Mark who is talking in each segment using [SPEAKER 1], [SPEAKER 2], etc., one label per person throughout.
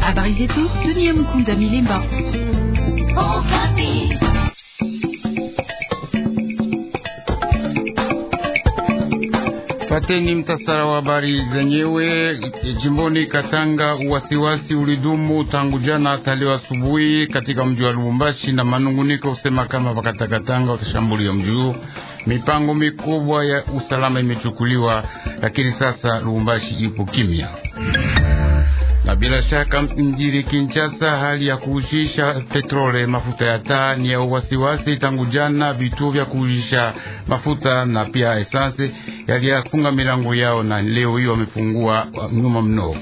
[SPEAKER 1] Habari zetu dunia, Mkunda
[SPEAKER 2] mtasara wa habari zenyewe. Jimboni Katanga, uwasiwasi ulidumu tangu jana taliwa asubuhi katika mji wa Lubumbashi na manunguniko usema kama Katanga watashambulia mji huo Mipango mikubwa ya usalama imechukuliwa, lakini sasa Lubumbashi ipo kimya na bila shaka mjini Kinshasa hali ya kuhushisha petrole mafuta ya taa ni ya uwasiwasi. Tangu jana vituo vya kuhushisha mafuta na pia esansi yaliyafunga milango yao, na leo hiyo wamefungua uh, nyuma mno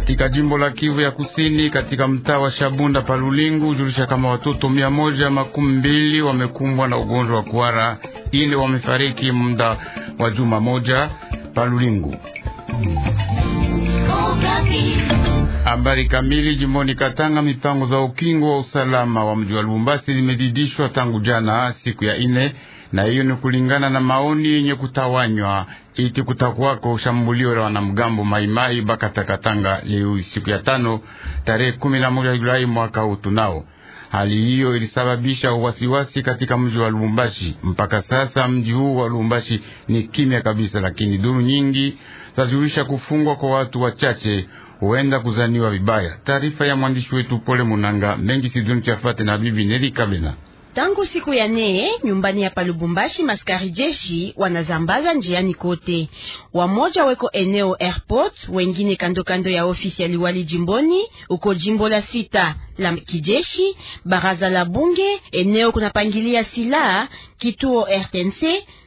[SPEAKER 2] katika jimbo la Kivu ya Kusini, katika mtaa wa Shabunda Palulingu, julisha kama watoto mia moja makumi mbili wamekumbwa na ugonjwa wa kuhara, ine wamefariki muda wa juma moja Palulingu. Habari kamili jimboni Katanga. Mipango za ukingo wa usalama wa mji wa Lubumbashi zimezidishwa tangu jana siku ya ine na hiyo ni kulingana na maoni yenye kutawanywa iti kutakuwako shambulio la wanamgambo Maimai Bakatakatanga leo siku ya tano tarehe kumi na moja Julai mwaka utunao. Hali hiyo ilisababisha wasiwasi katika mji wa Lubumbashi. Mpaka sasa mji huu wa Lubumbashi ni kimya kabisa, lakini duru nyingi zajulisha kufungwa kwa watu wachache huenda kuzaniwa vibaya. Taarifa ya mwandishi wetu Pole Munanga Mengi Sidoni Chafate na bibi Neli Kabena.
[SPEAKER 1] Tangu siku ya nee nyumbani ya Palubumbashi, maskari jeshi wanazambaza njiani kote, wamoja weko eneo airport, wengine kando kando ya ofisi ya liwali jimboni, uko jimbo la sita la kijeshi, baraza la bunge, eneo kunapangilia silaha, kituo RTNC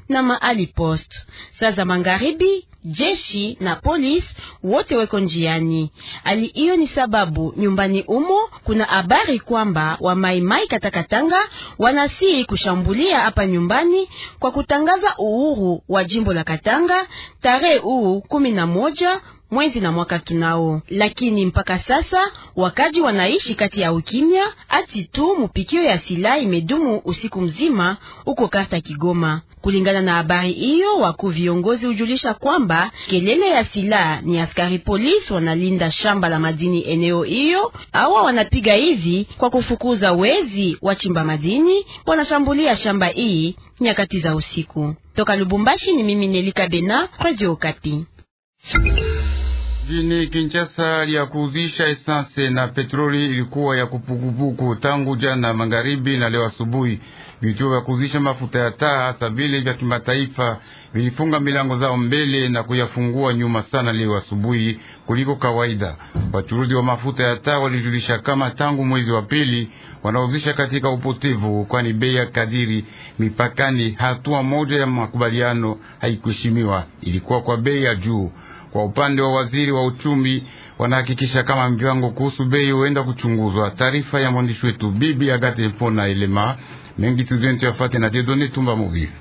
[SPEAKER 1] na maali post. Saa za magharibi, jeshi na polisi wote weko njiani. Hali hiyo ni sababu nyumbani umo kuna habari kwamba wa maimai Katakatanga wanasii kushambulia hapa nyumbani kwa kutangaza uhuru wa jimbo la Katanga tarehe huu kumi na moja mwezi na mwaka tunao, lakini mpaka sasa wakaji wanaishi kati ya ukimya, ati tu mupikio ya silaha imedumu usiku mzima huko karta Kigoma. Kulingana na habari hiyo, wakuu viongozi hujulisha kwamba kelele ya silaha ni askari polisi wanalinda shamba la madini eneo hiyo. Hawa wanapiga hivi kwa kufukuza wezi wa chimba madini, wanashambulia shamba hii nyakati za usiku. Toka Lubumbashi ni mimi Nelika Bena, Radio Okapi.
[SPEAKER 2] Mjini Kinshasa hali ya kuuzisha esanse na petroli ilikuwa ya kupukupuku tangu jana magharibi na leo asubuhi. Vituo vya kuuzisha mafuta ya taa hasa vile vya kimataifa vilifunga milango zao mbele na kuyafungua nyuma sana leo asubuhi kuliko kawaida. Wachuruzi wa mafuta ya taa walijulisha kama tangu mwezi wa pili wanauzisha katika upotevu, kwani bei ya kadiri mipakani, hatua moja ya makubaliano haikuheshimiwa, ilikuwa kwa bei ya juu. Kwa upande wa waziri wa uchumi, wanahakikisha kama mviwango kuhusu bei huenda kuchunguzwa. Taarifa ya mwandishi wetu Bibi Agate Fona Elema mengi tudente afate na Dedone Tumba Mobile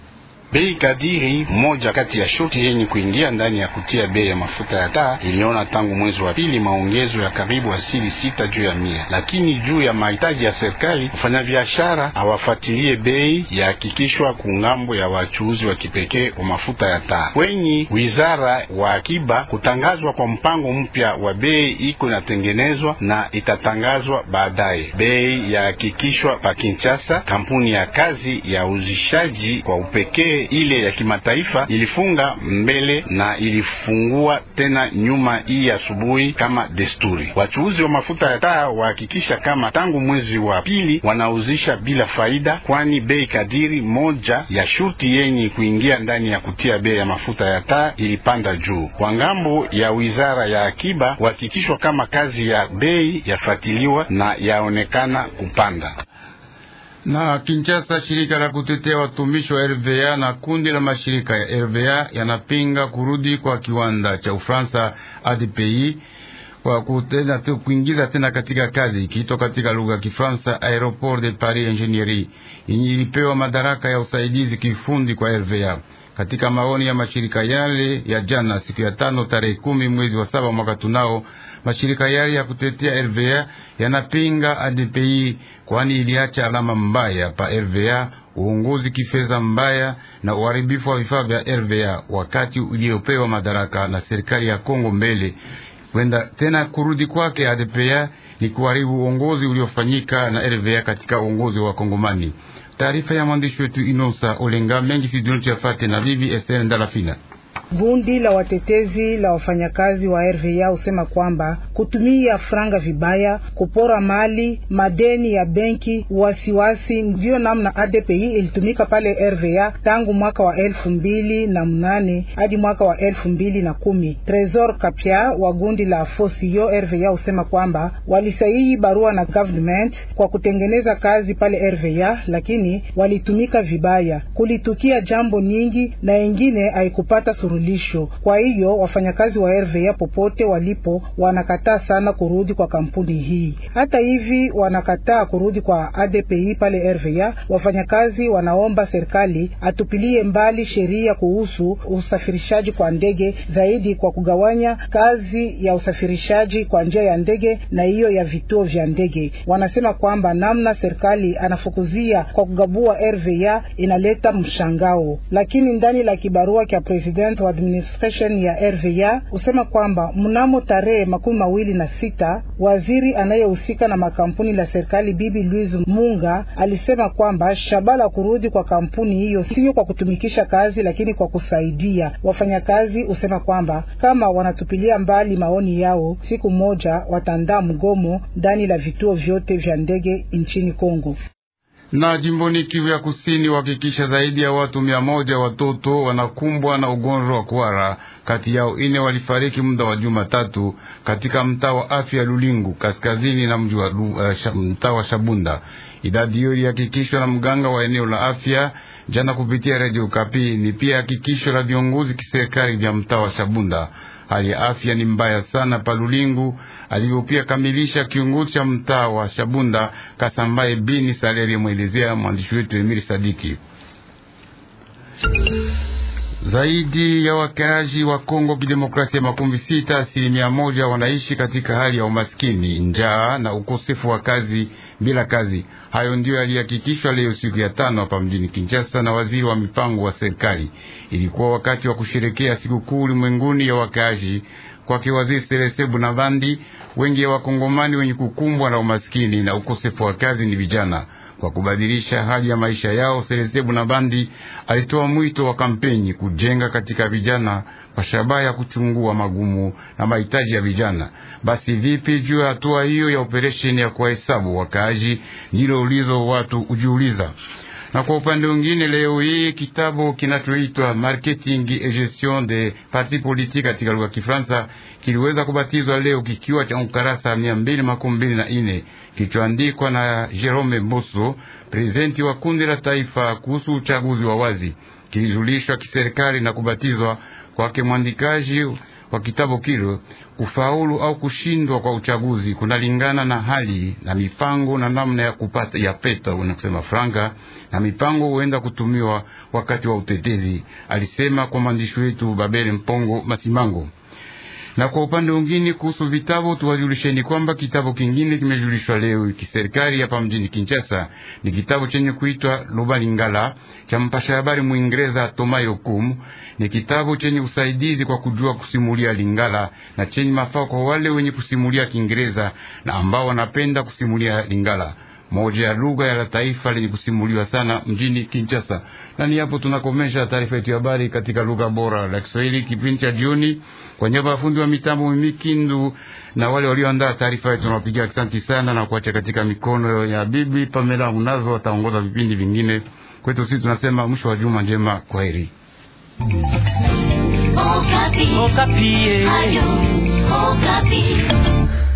[SPEAKER 3] Bei kadiri moja kati ya shurti yenye kuingia ndani ya kutia bei ya mafuta ya taa iliona tangu mwezi wa pili maongezo ya karibu asili sita juu ya mia, lakini juu ya mahitaji ya serikali wafanyabiashara hawafuatilie bei ya hakikishwa kungambo ya wachuuzi wa kipekee wa mafuta ya taa. Kwenye wizara wa akiba kutangazwa kwa mpango mpya wa bei iko inatengenezwa na itatangazwa baadaye. Bei ya hakikishwa pa Kinshasa, kampuni ya kazi ya uzishaji kwa upekee ile ya kimataifa ilifunga mbele na ilifungua tena nyuma hii asubuhi kama desturi. Wachuuzi wa mafuta ya taa wahakikisha kama tangu mwezi wa pili wanauzisha bila faida, kwani bei kadiri moja ya shurti yenye kuingia ndani ya kutia bei ya mafuta ya taa ilipanda juu. Kwa ngambo ya wizara ya akiba wahakikishwa kama kazi ya bei yafatiliwa na yaonekana kupanda.
[SPEAKER 2] Na Kinshasa, shirika la kutetea watumishi wa RVA na kundi la mashirika ya RVA yanapinga kurudi kwa kiwanda cha Ufaransa ADPI kwa kutenda tu kuingiza tena katika kazi kito katika lugha ya Kifaransa Aeroport de Paris Enginerie yenye ilipewa madaraka ya usaidizi kifundi kwa RVA katika maoni ya mashirika yale ya jana siku ya tano tarehe kumi mwezi wa saba mwaka tunao, mashirika yale ya kutetea RVA yanapinga ADPI kwani iliacha alama mbaya pa RVA, uongozi kifedha mbaya na uharibifu wa vifaa vya RVA wakati uliopewa madaraka na serikali ya Kongo mbele Wenda tena kurudi kwake ADPA ni kuharibu uongozi uliofanyika na RVA katika uongozi wa Kongomani. Taarifa ya mwandishi wetu Inosa Olenga mengi siduntu na bibi Esther Ndalafina.
[SPEAKER 4] Gundi la watetezi la wafanyakazi wa RVA husema kwamba kutumia franga vibaya, kupora mali, madeni ya benki, wasiwasi. Ndiyo namna ADPI ilitumika pale RVA tangu mwaka wa elfu mbili na mnane hadi mwaka wa elfu mbili na kumi. Tresor Kapia wa gundi la Fosio RVA husema kwamba walisahihi barua na government kwa kutengeneza kazi pale RVA, lakini walitumika vibaya. Kulitukia jambo nyingi na ingine haikupata surulisho. Kwa hiyo wafanyakazi wa RVA popote walipo wanakata wanakataa sana kurudi kwa kampuni hii. Hata hivi wanakataa kurudi kwa ADPI pale RVA. Wafanyakazi wanaomba serikali atupilie mbali sheria kuhusu usafirishaji kwa ndege, zaidi kwa kugawanya kazi ya usafirishaji kwa njia ya ndege na hiyo ya vituo vya ndege. Wanasema kwamba namna serikali anafukuzia kwa kugabua RVA inaleta mshangao, lakini ndani la kibarua cha president wa administration ya RVA usema kwamba mnamo tarehe makumi mawili mbili na sita, waziri anayehusika na makampuni la serikali Bibi Louise Munga alisema kwamba shabaha la kurudi kwa kampuni hiyo siyo kwa kutumikisha kazi, lakini kwa kusaidia wafanyakazi. Husema kwamba kama wanatupilia mbali maoni yao, siku moja watandaa mgomo ndani la vituo vyote vya ndege nchini Kongo.
[SPEAKER 2] Na jimboni Kivu ya Kusini wahakikisha zaidi ya watu mia moja watoto wanakumbwa na ugonjwa wa kuhara, kati yao ine walifariki muda wa juma tatu katika mtaa wa afya Lulingu kaskazini na mji wa uh, mtaa wa Shabunda. Idadi hiyo ilihakikishwa na mganga wa eneo la afya jana kupitia Radio Kapi. Ni pia hakikisho la viongozi kiserikali vya mtaa wa Shabunda. Hali ya afya ni mbaya sana Palulingu, alivyopia kamilisha kiongozi cha mtaa wa Shabunda Kasambaye Bini Saleri, mwelezea mwandishi wetu Emiri Sadiki. Zaidi ya wakaaji wa Kongo Kidemokrasia makumi sita asilimia moja wanaishi katika hali ya umaskini, njaa na ukosefu wa kazi bila kazi. Hayo ndiyo yalihakikishwa leo siku ya tano hapa mjini Kinshasa na waziri wa mipango wa serikali. Ilikuwa wakati wa kusherekea sikukuu ulimwenguni ya wakaaji. Kwake waziri Selese Bunavandi, wengi ya wakongomani wenye kukumbwa na umaskini na ukosefu wa kazi ni vijana kwa kubadilisha hali ya maisha yao. Selese Bunabandi alitoa mwito wa kampeni kujenga katika vijana kwa shabaha ya kuchungua magumu na mahitaji ya vijana. Basi vipi juu ya hatua hiyo ya operesheni ya kuwahesabu wakaaji? Ndilo ulizo watu ujiuliza. Na kwa upande mwingine, leo hii kitabu kinachoitwa Marketing et Gestion de Parti Politiques katika lugha ya Kifaransa kiliweza kubatizwa leo kikiwa cha ukarasa mia mbili makumi mbili na nne kilichoandikwa na Jerome Mboso, prezidenti wa kundi la taifa kuhusu uchaguzi wa wazi, kilijulishwa kiserikali na kubatizwa kwake mwandikaji kwa kitabu kilo. Kufaulu au kushindwa kwa uchaguzi kunalingana na hali na mipango na namna ya kupata ya peta unasema franga na mipango huenda kutumiwa wakati wa utetezi, alisema kwa mwandishi wetu Babele Mpongo Masimango. Na kwa upande mwingine kuhusu vitabu, tuwajulisheni kwamba kitabu kingine kimejulishwa leo kiserikali hapa mjini Kinshasa. Ni kitabu chenye kuitwa Lubalingala cha mpasha habari Mwingereza Thomas Yokum. Ni kitabu chenye usaidizi kwa kujua kusimulia Lingala na chenye mafao kwa wale wenye kusimulia Kiingereza na ambao wanapenda kusimulia Lingala moja ya lugha ya taifa lenye kusimuliwa sana mjini Kinshasa. Na ni hapo tunakomesha taarifa yetu ya habari katika lugha bora la Kiswahili kipindi cha jioni. Kwa niaba ya fundi wa mitambo Mimikindu na wale walioandaa taarifa yetu, tunawapigia asante sana na kuacha katika mikono ya bibi Pamela Munazo, ataongoza vipindi vingine kwetu. Sisi tunasema mwisho wa juma njema, kwaheri.
[SPEAKER 1] Okapi. Oh, Okapi. Oh, eh.